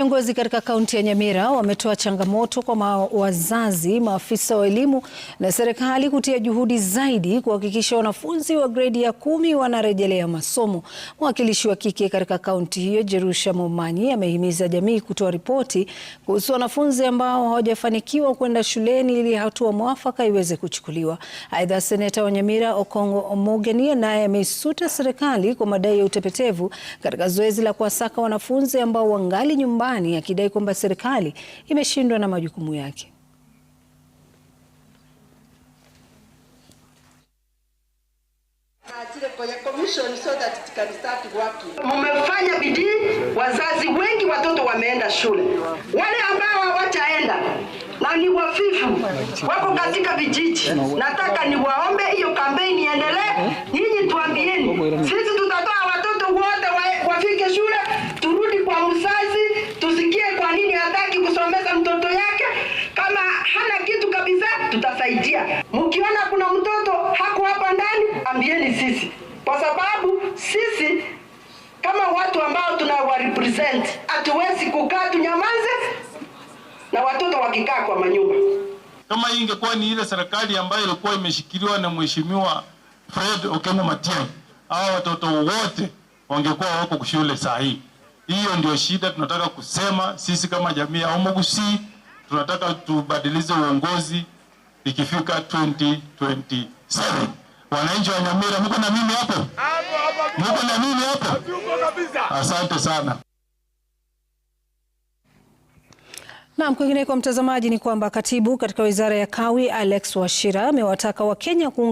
Viongozi katika kaunti ya Nyamira wametoa changamoto kwa wazazi, maafisa wa elimu na serikali kutia juhudi zaidi kuhakikisha wanafunzi wa gredi ya kumi wanarejelea masomo. Mwakilishi wa kike katika kaunti hiyo, Jerusha Momanyi, amehimiza jamii kutoa ripoti kuhusu wanafunzi ambao hawajafanikiwa kwenda shuleni ili hatua mwafaka iweze kuchukuliwa. Aidha, seneta wa Nyamira Okong'o Omogeni naye ameisuta serikali kwa madai ya utepetevu katika zoezi la kuwasaka wanafunzi ambao wangali nyumbani nyumbani akidai kwamba serikali imeshindwa na majukumu yake. Mumefanya bidii, wazazi wengi, watoto wameenda shule. Wale ambao hawataenda na ni wafifu, wako katika vijiji, nataka niwaombe hiyo kampeni iendelee. tutasaidia. Mkiona kuna mtoto hako hapa ndani, ambieni sisi, kwa sababu sisi kama watu ambao tunawa represent hatuwezi kukaa tunyamaze na watoto wakikaa kwa manyumba. Kama hii ingekuwa ni ile serikali ambayo ilikuwa imeshikiliwa na mheshimiwa Fred Okengo Matiang'i, hawa watoto wote wangekuwa wako kushule saa hii. Hiyo ndio shida tunataka kusema sisi kama jamii ya Omugusi, tunataka tubadilize uongozi ikifika 2027. Wananchi wa Nyamira, mko na mimi hapo? Mko na mimi hapo? Asante sana. Naam, kwingine kwa mtazamaji ni kwamba katibu katika wizara ya kawi Alex washira amewataka Wakenya kuunga